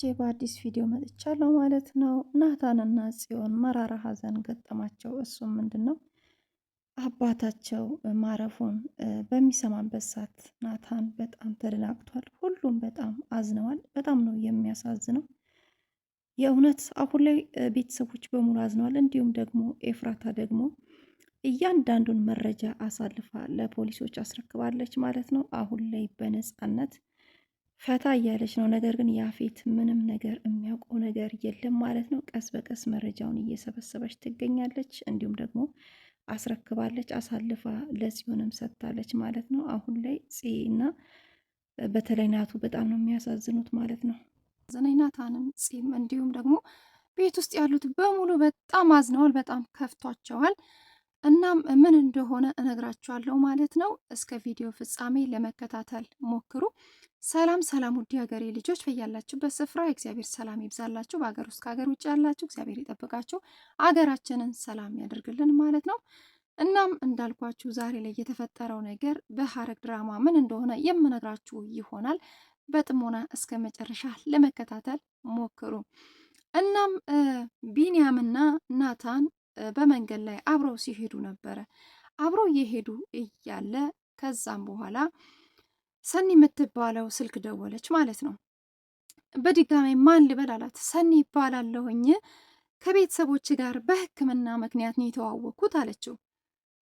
ቼ በአዲስ ቪዲዮ መጥቻለሁ ማለት ነው። ናታንና ጽዮን መራራ ሀዘን ገጠማቸው። እሱም ምንድን ነው አባታቸው ማረፉን በሚሰማበት ሰዓት ናታን በጣም ተደናግቷል። ሁሉም በጣም አዝነዋል። በጣም ነው የሚያሳዝነው። የእውነት አሁን ላይ ቤተሰቦች በሙሉ አዝነዋል። እንዲሁም ደግሞ ኤፍራታ ደግሞ እያንዳንዱን መረጃ አሳልፋ ለፖሊሶች አስረክባለች ማለት ነው። አሁን ላይ በነፃነት ፈታ እያለች ነው። ነገር ግን ያፌት ምንም ነገር የሚያውቀው ነገር የለም ማለት ነው። ቀስ በቀስ መረጃውን እየሰበሰበች ትገኛለች። እንዲሁም ደግሞ አስረክባለች፣ አሳልፋ ለጽዮንም ሰጥታለች ማለት ነው። አሁን ላይ ጽና በተለይ ናቱ በጣም ነው የሚያሳዝኑት ማለት ነው። ዘነኝ ናታንም ጽም እንዲሁም ደግሞ ቤት ውስጥ ያሉት በሙሉ በጣም አዝነዋል፣ በጣም ከፍቷቸዋል። እናም ምን እንደሆነ እነግራችኋለሁ ማለት ነው። እስከ ቪዲዮ ፍጻሜ ለመከታተል ሞክሩ። ሰላም ሰላም፣ ውድ ሀገሬ ልጆች በያላችሁበት ስፍራ እግዚአብሔር ሰላም ይብዛላችሁ። በሀገር ውስጥ ከሀገር ውጭ ያላችሁ እግዚአብሔር ይጠብቃችሁ፣ አገራችንን ሰላም ያደርግልን ማለት ነው። እናም እንዳልኳችሁ ዛሬ ላይ የተፈጠረው ነገር በሀረግ ድራማ ምን እንደሆነ የምነግራችሁ ይሆናል። በጥሞና እስከ መጨረሻ ለመከታተል ሞክሩ። እናም ቢንያምና ናታን በመንገድ ላይ አብረው ሲሄዱ ነበረ። አብረው እየሄዱ እያለ ከዛም በኋላ ሰኒ የምትባለው ስልክ ደወለች ማለት ነው። በድጋሚ ማን ልበል አላት። ሰኒ ይባላለሁኝ ከቤተሰቦች ጋር በሕክምና ምክንያት ነው የተዋወቅኩት አለችው።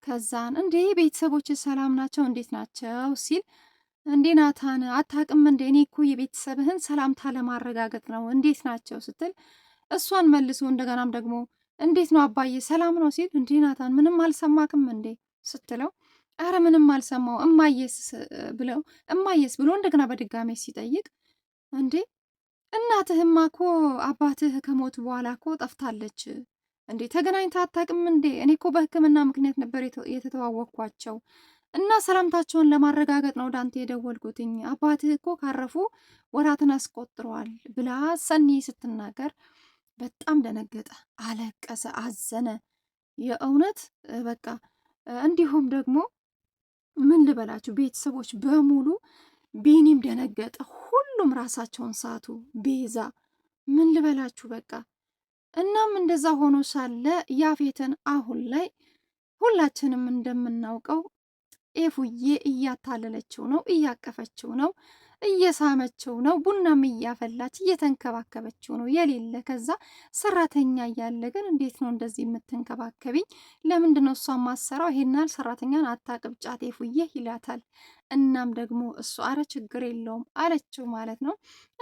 ከዛን እንዴ ቤተሰቦች ሰላም ናቸው እንዴት ናቸው ሲል እንዴ ናታን አታቅም እንደ እኔ እኮ የቤተሰብህን ሰላምታ ለማረጋገጥ ነው እንዴት ናቸው ስትል እሷን መልሶ እንደገናም ደግሞ እንዴት ነው አባዬ ሰላም ነው ሲል፣ እንዲህ ናታን ምንም አልሰማክም እንዴ ስትለው፣ አረ ምንም አልሰማው እማየስ ብለው እማየስ ብሎ እንደገና በድጋሜ ሲጠይቅ፣ እንዴ እናትህማ እኮ አባትህ ከሞት በኋላ እኮ ጠፍታለች እንዴ ተገናኝታ አታውቅም እንዴ? እኔ እኮ በህክምና ምክንያት ነበር የተተዋወቅኳቸው እና ሰላምታቸውን ለማረጋገጥ ነው ዳንቴ የደወልኩትኝ አባትህ እኮ ካረፉ ወራትን አስቆጥረዋል ብላ ሰኒ ስትናገር በጣም ደነገጠ፣ አለቀሰ፣ አዘነ። የእውነት በቃ እንዲሁም ደግሞ ምን ልበላችሁ ቤተሰቦች በሙሉ ቢኒም ደነገጠ። ሁሉም ራሳቸውን ሳቱ። ቤዛ ምን ልበላችሁ በቃ እናም እንደዛ ሆኖ ሳለ ያፌትን አሁን ላይ ሁላችንም እንደምናውቀው ኤፉዬ እያታለለችው ነው፣ እያቀፈችው ነው። እየሳመችው ነው። ቡናም እያፈላች እየተንከባከበችው ነው የሌለ። ከዛ ሰራተኛ እያለ ግን እንዴት ነው እንደዚህ የምትንከባከቢኝ? ለምንድን ነው እሷ ማሰራው? ይሄናል ያህል ሰራተኛን አታቅብጫት ፉዬ ይላታል። እናም ደግሞ እሱ አረ ችግር የለውም አለችው ማለት ነው።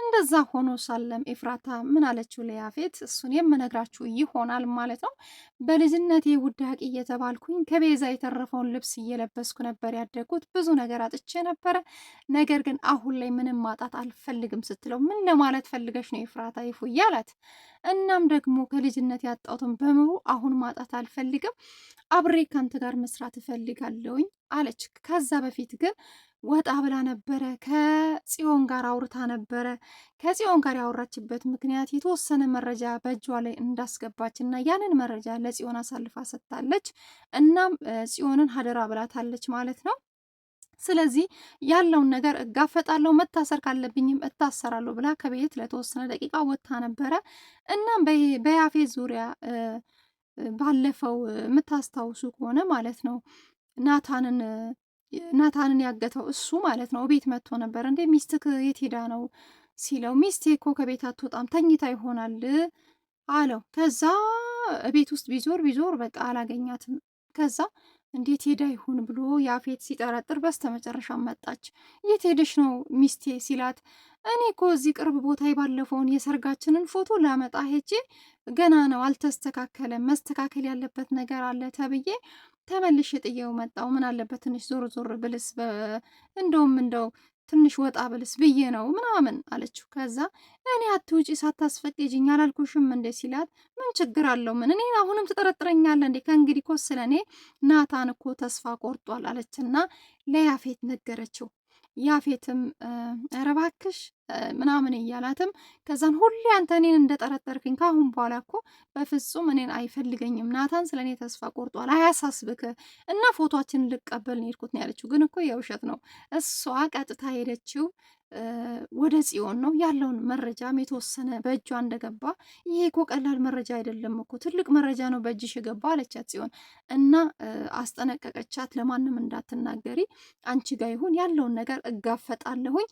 እንደዛ ሆኖ ሳለም ኤፍራታ ምን አለችው ለያፌት? እሱን የምነግራችሁ ይሆናል ማለት ነው። በልጅነቴ ውዳቂ እየተባልኩኝ ከቤዛ የተረፈውን ልብስ እየለበስኩ ነበር ያደግኩት። ብዙ ነገር አጥቼ ነበረ። ነገር ግን አሁን ላይ ላይ ምንም ማጣት አልፈልግም ስትለው ምን ለማለት ፈልገሽ ነው ይፍራታ ይፉዬ አላት። እናም ደግሞ ከልጅነት ያጣሁትን በሙሉ አሁን ማጣት አልፈልግም፣ አብሬ ካንተ ጋር መስራት እፈልጋለሁኝ አለች። ከዛ በፊት ግን ወጣ ብላ ነበረ፣ ከጽዮን ጋር አውርታ ነበረ። ከጽዮን ጋር ያወራችበት ምክንያት የተወሰነ መረጃ በእጇ ላይ እንዳስገባች እና ያንን መረጃ ለጽዮን አሳልፋ ሰጥታለች። እናም ጽዮንን ሀደራ ብላታለች ማለት ነው። ስለዚህ ያለውን ነገር እጋፈጣለሁ፣ መታሰር ካለብኝም እታሰራለሁ ብላ ከቤት ለተወሰነ ደቂቃ ወጥታ ነበረ። እናም በያፌት ዙሪያ ባለፈው የምታስታውሱ ከሆነ ማለት ነው ናታንን ናታንን ያገተው እሱ ማለት ነው ቤት መጥቶ ነበር። እንዴ ሚስትህ የት ሄዳ ነው ሲለው ሚስቴ እኮ ከቤት አትወጣም ተኝታ ይሆናል አለው። ከዛ ቤት ውስጥ ቢዞር ቢዞር በቃ አላገኛትም። ከዛ እንዴት ሄዳ ይሁን ብሎ ያፌት ሲጠረጥር በስተመጨረሻ መጣች። የት ሄደሽ ነው ሚስቴ ሲላት እኔ እኮ እዚህ ቅርብ ቦታ የባለፈውን የሰርጋችንን ፎቶ ላመጣ ሄጄ ገና ነው አልተስተካከለም፣ መስተካከል ያለበት ነገር አለ ተብዬ ተመልሼ ጥዬው መጣው። ምን አለበት ትንሽ ዞር ዞር ብልስ፣ እንደውም እንደው ትንሽ ወጣ ብልስ ብዬ ነው ምናምን አለችው። ከዛ እኔ አትውጪ ሳታስፈቅጂኝ አላልኩሽም እንዴ ሲላት ምን ችግር አለው ምን እኔ አሁንም ትጠረጥረኛለ እንዴ ከእንግዲህ ኮ ስለ እኔ ናታን እኮ ተስፋ ቆርጧል አለችና ለያፌት ነገረችው። ያፌትም ረባክሽ ምናምን እያላትም ከዛን ሁሌ አንተ እኔን እንደጠረጠርክኝ ካአሁን በኋላ እኮ በፍጹም እኔን አይፈልገኝም ናታን ስለ እኔ ተስፋ ቆርጧል አያሳስብክ እና ፎቶችን ልቀበል ነው የሄድኩት ነው ያለችው ግን እኮ የውሸት ነው እሷ ቀጥታ ሄደችው ወደ ጽዮን ነው ያለውን መረጃም የተወሰነ በእጇ እንደገባ፣ ይሄ እኮ ቀላል መረጃ አይደለም እኮ ትልቅ መረጃ ነው በእጅሽ የገባ አለቻት ጽዮን እና አስጠነቀቀቻት። ለማንም እንዳትናገሪ አንቺ ጋ ይሁን ያለውን ነገር እጋፈጣለሁኝ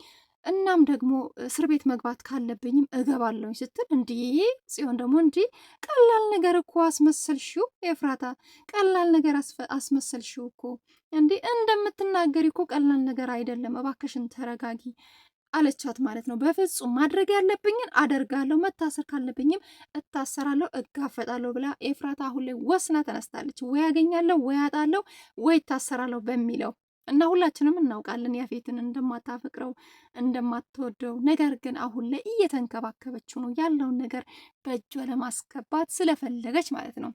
እናም ደግሞ እስር ቤት መግባት ካለብኝም እገባለሁኝ ስትል እንዲህ ጽዮን ደግሞ እንዲህ ቀላል ነገር እኮ አስመሰልሽው ኤፍራታ፣ ቀላል ነገር አስመሰልሽው እኮ እንዲህ እንደምትናገሪ እኮ ቀላል ነገር አይደለም፣ እባክሽን ተረጋጊ አለቻት ማለት ነው። በፍጹም ማድረግ ያለብኝን አደርጋለሁ፣ መታሰር ካለብኝም እታሰራለሁ፣ እጋፈጣለሁ ብላ ኤፍራታ አሁን ላይ ወስና ተነስታለች። ወይ ያገኛለሁ፣ ወይ አጣለሁ፣ ወይ እታሰራለሁ በሚለው እና ሁላችንም እናውቃለን ያፌትን እንደማታፈቅረው እንደማትወደው፣ ነገር ግን አሁን ላይ እየተንከባከበችው ነው ያለውን ነገር በእጇ ለማስገባት ስለፈለገች ማለት ነው።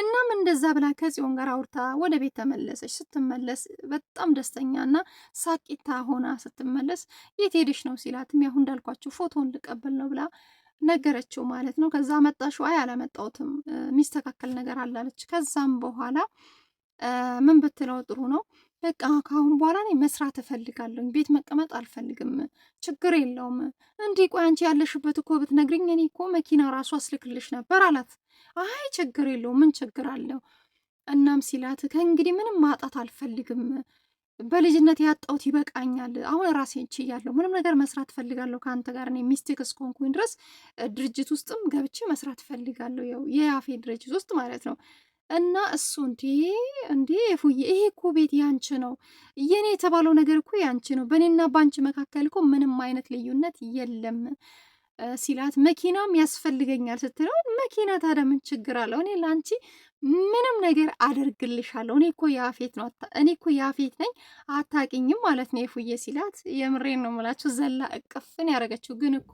እናም እንደዛ ብላ ከጽዮን ጋር አውርታ ወደ ቤት ተመለሰች። ስትመለስ በጣም ደስተኛና ሳቂታ ሆና ስትመለስ የት ሄደሽ ነው ሲላትም ያሁ እንዳልኳችሁ ፎቶን ልቀበል ነው ብላ ነገረችው ማለት ነው። ከዛ መጣሽ? አይ አላመጣሁትም፣ የሚስተካከል ነገር አላለች። ከዛም በኋላ ምን ብትለው ጥሩ ነው? በቃ ከአሁን በኋላ እኔ መስራት እፈልጋለሁ፣ ቤት መቀመጥ አልፈልግም። ችግር የለውም። እንዲህ ቆይ አንቺ ያለሽበት እኮ ብትነግሪኝ እኔ እኮ መኪና ራሱ አስልክልሽ ነበር አላት። አይ ችግር የለው፣ ምን ችግር አለው? እናም ሲላት ከእንግዲህ ምንም ማጣት አልፈልግም በልጅነት ያጣሁት ይበቃኛል። አሁን ራሴ ችያለሁ። ምንም ነገር መስራት ፈልጋለሁ ከአንተ ጋር እኔ ሚስቴክ እስከሆንኩኝ ድረስ ድርጅት ውስጥም ገብቼ መስራት እፈልጋለሁ። ያው የያፌ ድርጅት ውስጥ ማለት ነው። እና እሱ እንዴ እንዴ ፉዬ ይሄ እኮ ቤት ያንቺ ነው፣ የኔ የተባለው ነገር እኮ ያንቺ ነው። በእኔና በአንቺ መካከል እኮ ምንም አይነት ልዩነት የለም ሲላት መኪናም ያስፈልገኛል ስትለው መኪና ታዲያ ምን ችግር አለው? እኔ ለአንቺ ምንም ነገር አደርግልሻለሁ። እኔ እኮ የአፌት ነው እኔ እኮ የአፌት ነኝ አታቂኝም ማለት ነው የፉዬ ሲላት፣ የምሬን ነው የምላችሁ ዘላ እቅፍን ያደረገችው ግን እኮ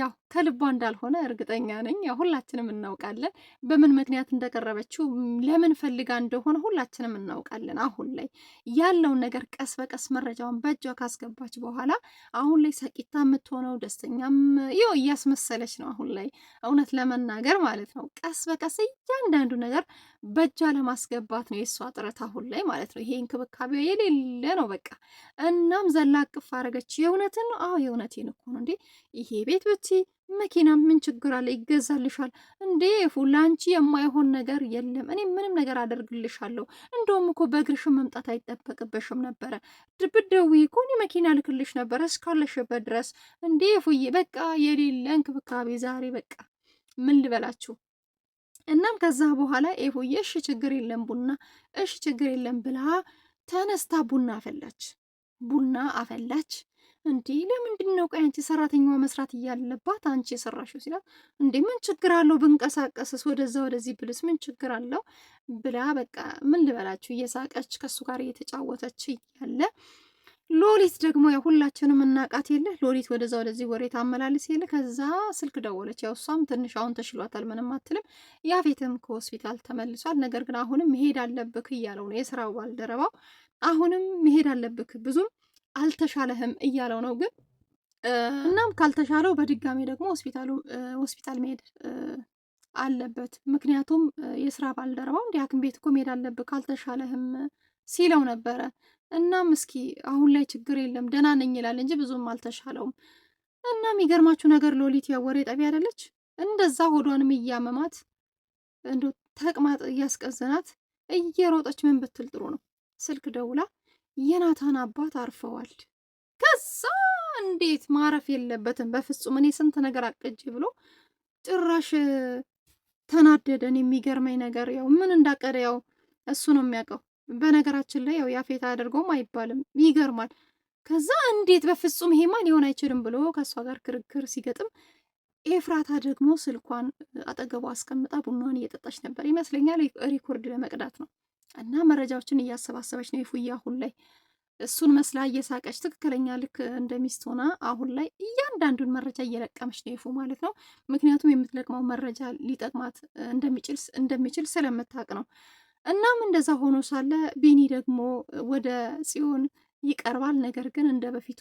ያው ከልቧ እንዳልሆነ እርግጠኛ ነኝ። ያው ሁላችንም እናውቃለን። በምን ምክንያት እንደቀረበችው ለምን ፈልጋ እንደሆነ ሁላችንም እናውቃለን። አሁን ላይ ያለውን ነገር ቀስ በቀስ መረጃውን በእጇ ካስገባች በኋላ አሁን ላይ ሰቂታ የምትሆነው ደስተኛም ይኸው እያስመሰለች ነው። አሁን ላይ እውነት ለመናገር ማለት ነው ቀስ በቀስ እያንዳንዱ ነገር በእጇ ለማስገባት ነው የእሷ ጥረት አሁን ላይ ማለት ነው። ይሄ እንክብካቤ የሌለ ነው በቃ። እናም ዘላ አቅፍ የእውነትን ነው? አዎ የእውነቴን እኮ ነው እንዴ ይሄ ቤት ብቲ መኪና ምን ችግር አለ? ይገዛልሻል እንዴ ፉላ፣ ለአንቺ የማይሆን ነገር የለም። እኔ ምንም ነገር አደርግልሻለሁ። እንደውም እኮ በእግርሽም መምጣት አይጠበቅብሽም ነበረ። ብትደውይ እኮ እኔ መኪና ልክልሽ ነበረ እስካለሽበት ድረስ። እንዴ ፉዬ፣ በቃ የሌለ እንክብካቤ ዛሬ በቃ ምን ልበላችሁ። እናም ከዛ በኋላ ኤፉዬ እሺ ችግር የለም ቡና እሺ ችግር የለም ብላ ተነስታ ቡና አፈላች ቡና አፈላች እንዲ ለምንድን ነው ቆይ አንቺ ሰራተኛዋ መስራት እያለባት አንቺ የሰራሽው ሲላት፣ እንዴ ምን ችግር አለው ብንቀሳቀስስ ወደዛ ወደዚህ ብልስ ምን ችግር አለው ብላ በቃ ምን ልበላችሁ እየሳቀች ከእሱ ጋር እየተጫወተች እያለ ሎሊት ደግሞ ያው ሁላችንም እናቃት የለ ሎሊት ወደዛ ወደዚህ ወሬ ታመላልስ የለ። ከዛ ስልክ ደወለች። ያው እሷም ትንሽ አሁን ተሽሏታል፣ ምንም አትልም። ያፌትም ከሆስፒታል ተመልሷል። ነገር ግን አሁንም መሄድ አለብክ እያለው ነው የስራው ባልደረባው። አሁንም መሄድ አለብክ ብዙም አልተሻለህም እያለው ነው ግን እናም ካልተሻለው በድጋሚ ደግሞ ሆስፒታሉ ሆስፒታል መሄድ አለበት። ምክንያቱም የስራ ባልደረባው እንዲ ሐኪም ቤት እኮ መሄድ አለብህ ካልተሻለህም ሲለው ነበረ። እናም እስኪ አሁን ላይ ችግር የለም ደህና ነኝ ይላል እንጂ ብዙም አልተሻለውም። እና የሚገርማችሁ ነገር ሎሊት ያወሬ ጠቢ አይደለች እንደዛ ሆዷንም እያመማት እንዲ ተቅማጥ እያስቀዘናት እየሮጠች ምን ብትል ጥሩ ነው ስልክ ደውላ የናታን አባት አርፈዋል። ከዛ እንዴት ማረፍ የለበትም በፍጹም እኔ ስንት ነገር አቅጅ ብሎ ጭራሽ ተናደደን። የሚገርመኝ ነገር ያው ምን እንዳቀደ ያው እሱ ነው የሚያውቀው። በነገራችን ላይ ያው ያፌት አድርጎም አይባልም፣ ይገርማል። ከዛ እንዴት በፍጹም ይሄማ ሊሆን አይችልም ብሎ ከእሷ ጋር ክርክር ሲገጥም ኤፍራታ ደግሞ ስልኳን አጠገቧ አስቀምጣ ቡናን እየጠጣች ነበር ይመስለኛል። ሪኮርድ ለመቅዳት ነው እና መረጃዎችን እያሰባሰበች ነው የፉዬ አሁን ላይ እሱን መስላ እየሳቀች ትክክለኛ ልክ እንደ ሚስት ሆና አሁን ላይ እያንዳንዱን መረጃ እየለቀመች ነው ይፉ ማለት ነው። ምክንያቱም የምትለቅመው መረጃ ሊጠቅማት እንደሚችል ስለምታቅ ነው። እናም እንደዛ ሆኖ ሳለ ቢኒ ደግሞ ወደ ጽዮን ይቀርባል። ነገር ግን እንደ በፊቱ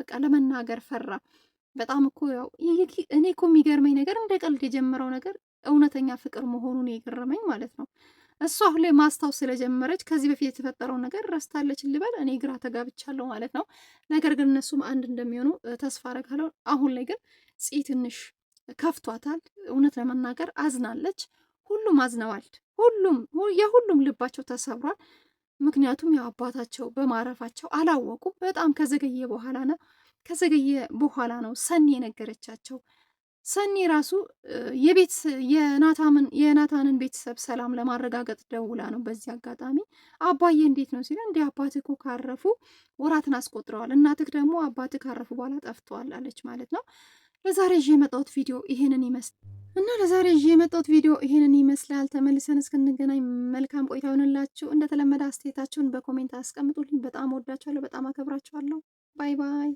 በቃ ለመናገር ፈራ። በጣም እኮ ያው እኔ እኮ የሚገርመኝ ነገር እንደ ቀልድ የጀመረው ነገር እውነተኛ ፍቅር መሆኑን የገረመኝ ማለት ነው እሱ አሁን ላይ ማስታወስ ስለጀመረች ከዚህ በፊት የተፈጠረው ነገር ረስታለች ልበል፣ እኔ ግራ ተጋብቻለሁ ማለት ነው። ነገር ግን እነሱም አንድ እንደሚሆኑ ተስፋ አደርጋለሁ። አሁን ላይ ግን ፂ ትንሽ ከፍቷታል። እውነት ለመናገር አዝናለች። ሁሉም አዝነዋል። ሁሉም የሁሉም ልባቸው ተሰብሯል። ምክንያቱም ያው አባታቸው በማረፋቸው አላወቁም። በጣም ከዘገየ በኋላ ነው ከዘገየ በኋላ ነው ሰኒ የነገረቻቸው። ሰኒ ራሱ የቤት የናታንን ቤተሰብ ሰላም ለማረጋገጥ ደውላ ነው። በዚህ አጋጣሚ አባዬ እንዴት ነው ሲል እንዲህ አባትህ እኮ ካረፉ ወራትን አስቆጥረዋል፣ እናትህ ደግሞ አባትህ ካረፉ በኋላ ጠፍተዋል አለች ማለት ነው። ለዛሬ ይዤ የመጣሁት ቪዲዮ ይሄንን ይመስላል እና ለዛሬ ይዤ የመጣሁት ቪዲዮ ይሄንን ይመስላል። ተመልሰን እስክንገናኝ መልካም ቆይታ ይሆንላችሁ። እንደተለመደ አስተያየታችሁን በኮሜንት አስቀምጡልኝ። በጣም ወዳችኋለሁ፣ በጣም አከብራችኋለሁ። ባይ ባይ።